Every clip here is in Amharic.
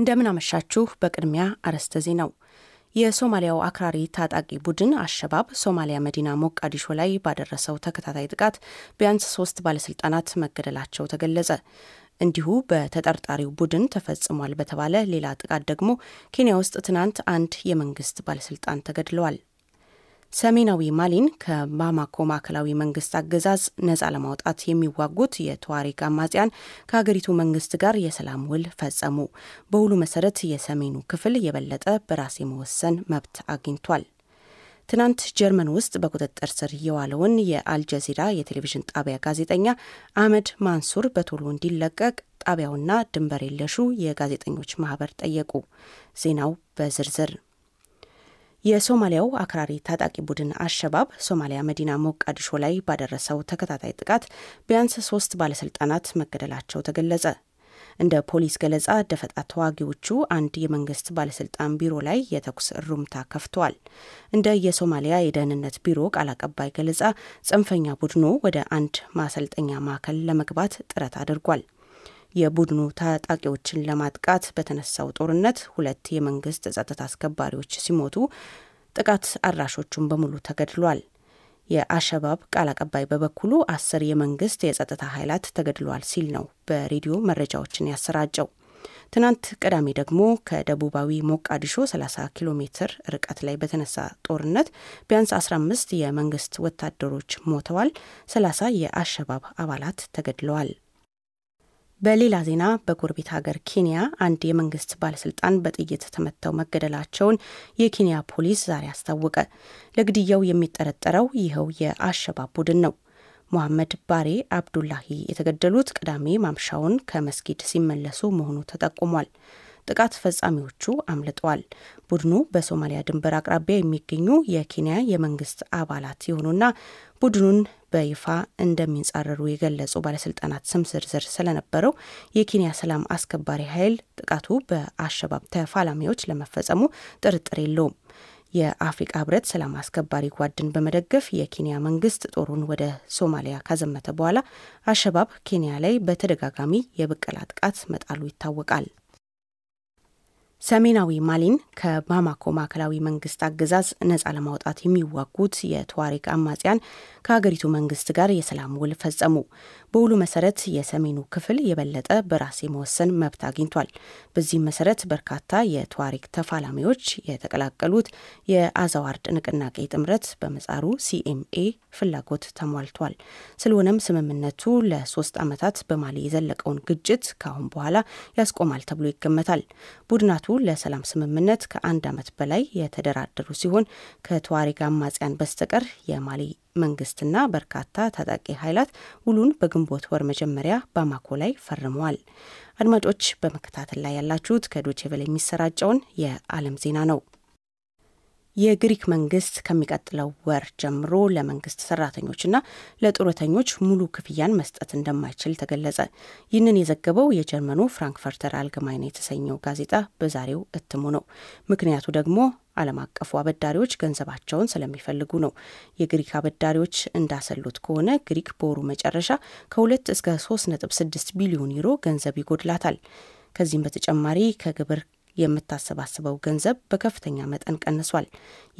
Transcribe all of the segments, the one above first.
እንደምን አመሻችሁ። በቅድሚያ አርዕስተ ዜናው የሶማሊያው አክራሪ ታጣቂ ቡድን አሸባብ ሶማሊያ መዲና ሞቃዲሾ ላይ ባደረሰው ተከታታይ ጥቃት ቢያንስ ሶስት ባለስልጣናት መገደላቸው ተገለጸ። እንዲሁ በተጠርጣሪው ቡድን ተፈጽሟል በተባለ ሌላ ጥቃት ደግሞ ኬንያ ውስጥ ትናንት አንድ የመንግስት ባለስልጣን ተገድለዋል። ሰሜናዊ ማሊን ከባማኮ ማዕከላዊ መንግስት አገዛዝ ነጻ ለማውጣት የሚዋጉት የተዋሪግ አማጽያን ከሀገሪቱ መንግስት ጋር የሰላም ውል ፈጸሙ። በውሉ መሰረት የሰሜኑ ክፍል የበለጠ በራስ የመወሰን መብት አግኝቷል። ትናንት ጀርመን ውስጥ በቁጥጥር ስር የዋለውን የአልጀዚራ የቴሌቪዥን ጣቢያ ጋዜጠኛ አህመድ ማንሱር በቶሎ እንዲለቀቅ ጣቢያውና ድንበር የለሹ የጋዜጠኞች ማህበር ጠየቁ። ዜናው በዝርዝር የሶማሊያው አክራሪ ታጣቂ ቡድን አሸባብ ሶማሊያ መዲና ሞቃዲሾ ላይ ባደረሰው ተከታታይ ጥቃት ቢያንስ ሶስት ባለስልጣናት መገደላቸው ተገለጸ። እንደ ፖሊስ ገለጻ ደፈጣ ተዋጊዎቹ አንድ የመንግስት ባለስልጣን ቢሮ ላይ የተኩስ እሩምታ ከፍተዋል። እንደ የሶማሊያ የደህንነት ቢሮ ቃል አቀባይ ገለጻ ጽንፈኛ ቡድኑ ወደ አንድ ማሰልጠኛ ማዕከል ለመግባት ጥረት አድርጓል። የቡድኑ ታጣቂዎችን ለማጥቃት በተነሳው ጦርነት ሁለት የመንግስት ጸጥታ አስከባሪዎች ሲሞቱ ጥቃት አድራሾቹን በሙሉ ተገድሏል። የአሸባብ ቃል አቀባይ በበኩሉ አስር የመንግስት የጸጥታ ኃይላት ተገድሏል ሲል ነው በሬዲዮ መረጃዎችን ያሰራጨው። ትናንት ቅዳሜ ደግሞ ከደቡባዊ ሞቃዲሾ 30 ኪሎ ሜትር ርቀት ላይ በተነሳ ጦርነት ቢያንስ 15 የመንግስት ወታደሮች ሞተዋል፣ 30 የአሸባብ አባላት ተገድለዋል። በሌላ ዜና በጎረቤት ሀገር ኬንያ አንድ የመንግስት ባለስልጣን በጥይት ተመተው መገደላቸውን የኬንያ ፖሊስ ዛሬ አስታወቀ። ለግድያው የሚጠረጠረው ይኸው የአሸባብ ቡድን ነው። ሞሐመድ ባሬ አብዱላሂ የተገደሉት ቅዳሜ ማምሻውን ከመስጊድ ሲመለሱ መሆኑ ተጠቁሟል። ጥቃት ፈጻሚዎቹ አምልጠዋል። ቡድኑ በሶማሊያ ድንበር አቅራቢያ የሚገኙ የኬንያ የመንግስት አባላት የሆኑና ቡድኑን በይፋ እንደሚንጻረሩ የገለጹ ባለስልጣናት ስም ዝርዝር ስለነበረው የኬንያ ሰላም አስከባሪ ኃይል ጥቃቱ በአሸባብ ተፋላሚዎች ለመፈጸሙ ጥርጥር የለውም። የአፍሪቃ ህብረት ሰላም አስከባሪ ጓድን በመደገፍ የኬንያ መንግስት ጦሩን ወደ ሶማሊያ ካዘመተ በኋላ አሸባብ ኬንያ ላይ በተደጋጋሚ የብቀላ ጥቃት መጣሉ ይታወቃል። ሰሜናዊ ማሊን ከባማኮ ማዕከላዊ መንግስት አገዛዝ ነጻ ለማውጣት የሚዋጉት የተዋሪክ አማጽያን ከሀገሪቱ መንግስት ጋር የሰላም ውል ፈጸሙ። በውሉ መሰረት የሰሜኑ ክፍል የበለጠ በራስ የመወሰን መብት አግኝቷል። በዚህም መሰረት በርካታ የተዋሪክ ተፋላሚዎች የተቀላቀሉት የአዛዋርድ ንቅናቄ ጥምረት በመጻሩ ሲኤምኤ ፍላጎት ተሟልቷል። ስለሆነም ስምምነቱ ለሶስት ዓመታት በማሊ የዘለቀውን ግጭት ከአሁን በኋላ ያስቆማል ተብሎ ይገመታል። ቡድናቱ ለሰላም ስምምነት ከአንድ ዓመት በላይ የተደራደሩ ሲሆን ከተዋሪግ አማጽያን በስተቀር የማሊ መንግስትና በርካታ ታጣቂ ኃይላት ውሉን በግንቦት ወር መጀመሪያ ባማኮ ላይ ፈርመዋል። አድማጮች በመከታተል ላይ ያላችሁት ከዶቼ ቬለ የሚሰራጨውን የዓለም ዜና ነው። የግሪክ መንግስት ከሚቀጥለው ወር ጀምሮ ለመንግስት ሰራተኞችና ለጡረተኞች ሙሉ ክፍያን መስጠት እንደማይችል ተገለጸ። ይህንን የዘገበው የጀርመኑ ፍራንክፈርተር አልገማይን የተሰኘው ጋዜጣ በዛሬው እትሙ ነው። ምክንያቱ ደግሞ ዓለም አቀፉ አበዳሪዎች ገንዘባቸውን ስለሚፈልጉ ነው። የግሪክ አበዳሪዎች እንዳሰሉት ከሆነ ግሪክ በወሩ መጨረሻ ከ2 እስከ 3.6 ቢሊዮን ዩሮ ገንዘብ ይጎድላታል። ከዚህም በተጨማሪ ከግብር የምታሰባስበው ገንዘብ በከፍተኛ መጠን ቀንሷል።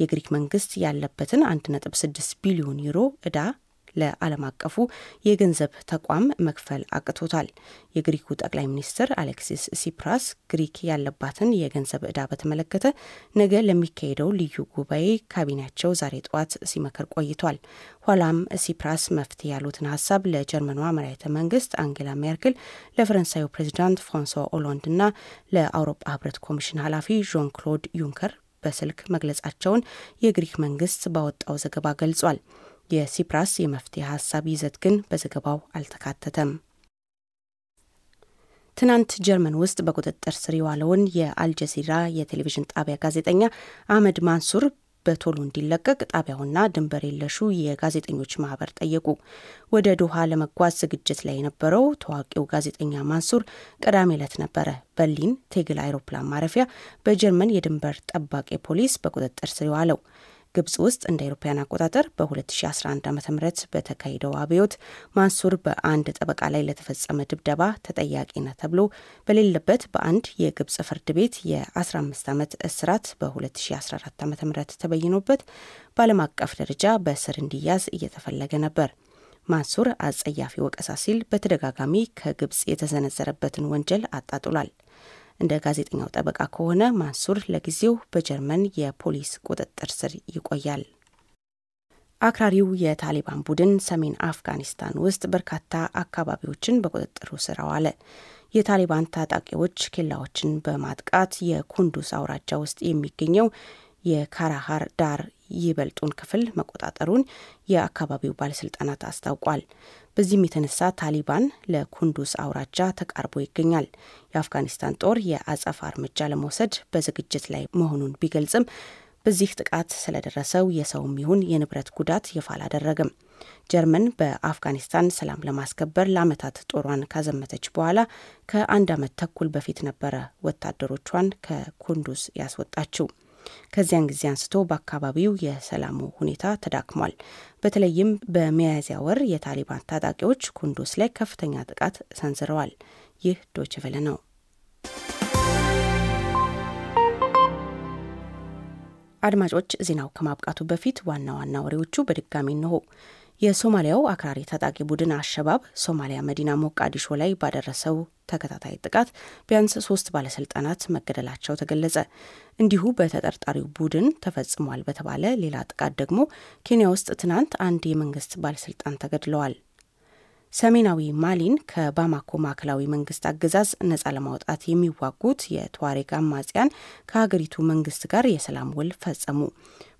የግሪክ መንግስት ያለበትን 1.6 ቢሊዮን ዩሮ ዕዳ ለዓለም አቀፉ የገንዘብ ተቋም መክፈል አቅቶታል። የግሪኩ ጠቅላይ ሚኒስትር አሌክሲስ ሲፕራስ ግሪክ ያለባትን የገንዘብ ዕዳ በተመለከተ ነገ ለሚካሄደው ልዩ ጉባኤ ካቢኔያቸው ዛሬ ጠዋት ሲመክር ቆይቷል። ኋላም ሲፕራስ መፍትሄ ያሉትን ሀሳብ ለጀርመኗ መራሄተ መንግስት አንጌላ ሜርክል፣ ለፈረንሳዩ ፕሬዚዳንት ፍራንሷ ኦሎንድ እና ለአውሮፓ ህብረት ኮሚሽን ኃላፊ ዣን ክሎድ ዩንከር በስልክ መግለጻቸውን የግሪክ መንግስት ባወጣው ዘገባ ገልጿል። የሲፕራስ የመፍትሄ ሀሳብ ይዘት ግን በዘገባው አልተካተተም። ትናንት ጀርመን ውስጥ በቁጥጥር ስር የዋለውን የአልጀዚራ የቴሌቪዥን ጣቢያ ጋዜጠኛ አህመድ ማንሱር በቶሎ እንዲለቀቅ ጣቢያውና ድንበር የለሹ የጋዜጠኞች ማህበር ጠየቁ። ወደ ዶሃ ለመጓዝ ዝግጅት ላይ የነበረው ታዋቂው ጋዜጠኛ ማንሱር ቅዳሜ ዕለት ነበረ በርሊን ቴግል አይሮፕላን ማረፊያ በጀርመን የድንበር ጠባቂ ፖሊስ በቁጥጥር ስር የዋለው። ግብጽ ውስጥ እንደ አውሮፓውያን አቆጣጠር በ2011 ዓ ም በተካሄደው አብዮት ማንሱር በአንድ ጠበቃ ላይ ለተፈጸመ ድብደባ ተጠያቂ ነ ተብሎ በሌለበት በአንድ የግብጽ ፍርድ ቤት የ15 ዓመት እስራት በ2014 ዓ ም ተበይኖበት በዓለም አቀፍ ደረጃ በስር እንዲያዝ እየተፈለገ ነበር። ማንሱር አጸያፊ ወቀሳ ሲል በተደጋጋሚ ከግብጽ የተሰነዘረበትን ወንጀል አጣጥሏል። እንደ ጋዜጠኛው ጠበቃ ከሆነ ማንሱር ለጊዜው በጀርመን የፖሊስ ቁጥጥር ስር ይቆያል። አክራሪው የታሊባን ቡድን ሰሜን አፍጋኒስታን ውስጥ በርካታ አካባቢዎችን በቁጥጥሩ ስር አዋለ። የታሊባን ታጣቂዎች ኬላዎችን በማጥቃት የኩንዱስ አውራጃ ውስጥ የሚገኘው የካራሃር ዳር ይበልጡን ክፍል መቆጣጠሩን የአካባቢው ባለስልጣናት አስታውቋል። በዚህም የተነሳ ታሊባን ለኩንዱስ አውራጃ ተቃርቦ ይገኛል። የአፍጋኒስታን ጦር የአጸፋ እርምጃ ለመውሰድ በዝግጅት ላይ መሆኑን ቢገልጽም በዚህ ጥቃት ስለደረሰው የሰውም ይሁን የንብረት ጉዳት ይፋ አላደረግም። ጀርመን በአፍጋኒስታን ሰላም ለማስከበር ለዓመታት ጦሯን ካዘመተች በኋላ ከአንድ ዓመት ተኩል በፊት ነበረ ወታደሮቿን ከኩንዱስ ያስወጣችው። ከዚያን ጊዜ አንስቶ በአካባቢው የሰላሙ ሁኔታ ተዳክሟል። በተለይም በሚያዝያ ወር የታሊባን ታጣቂዎች ኩንዱስ ላይ ከፍተኛ ጥቃት ሰንዝረዋል። ይህ ዶች ቬለ ነው። አድማጮች፣ ዜናው ከማብቃቱ በፊት ዋና ዋና ወሬዎቹ በድጋሚ እንሆ የሶማሊያው አክራሪ ታጣቂ ቡድን አሸባብ ሶማሊያ መዲና ሞቃዲሾ ላይ ባደረሰው ተከታታይ ጥቃት ቢያንስ ሶስት ባለስልጣናት መገደላቸው ተገለጸ። እንዲሁ በተጠርጣሪው ቡድን ተፈጽሟል በተባለ ሌላ ጥቃት ደግሞ ኬንያ ውስጥ ትናንት አንድ የመንግስት ባለስልጣን ተገድለዋል። ሰሜናዊ ማሊን ከባማኮ ማዕከላዊ መንግስት አገዛዝ ነጻ ለማውጣት የሚዋጉት የቱዋሬግ አማጽያን ከሀገሪቱ መንግስት ጋር የሰላም ውል ፈጸሙ።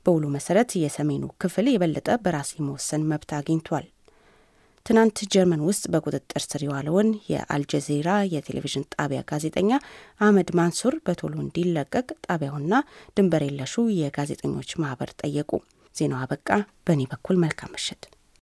በውሉ መሰረት የሰሜኑ ክፍል የበለጠ በራስ የመወሰን መብት አግኝቷል። ትናንት ጀርመን ውስጥ በቁጥጥር ስር የዋለውን የአልጀዚራ የቴሌቪዥን ጣቢያ ጋዜጠኛ አህመድ ማንሱር በቶሎ እንዲለቀቅ ጣቢያውና ድንበር የለሹ የጋዜጠኞች ማህበር ጠየቁ። ዜናው አበቃ። በእኔ በኩል መልካም ምሽት።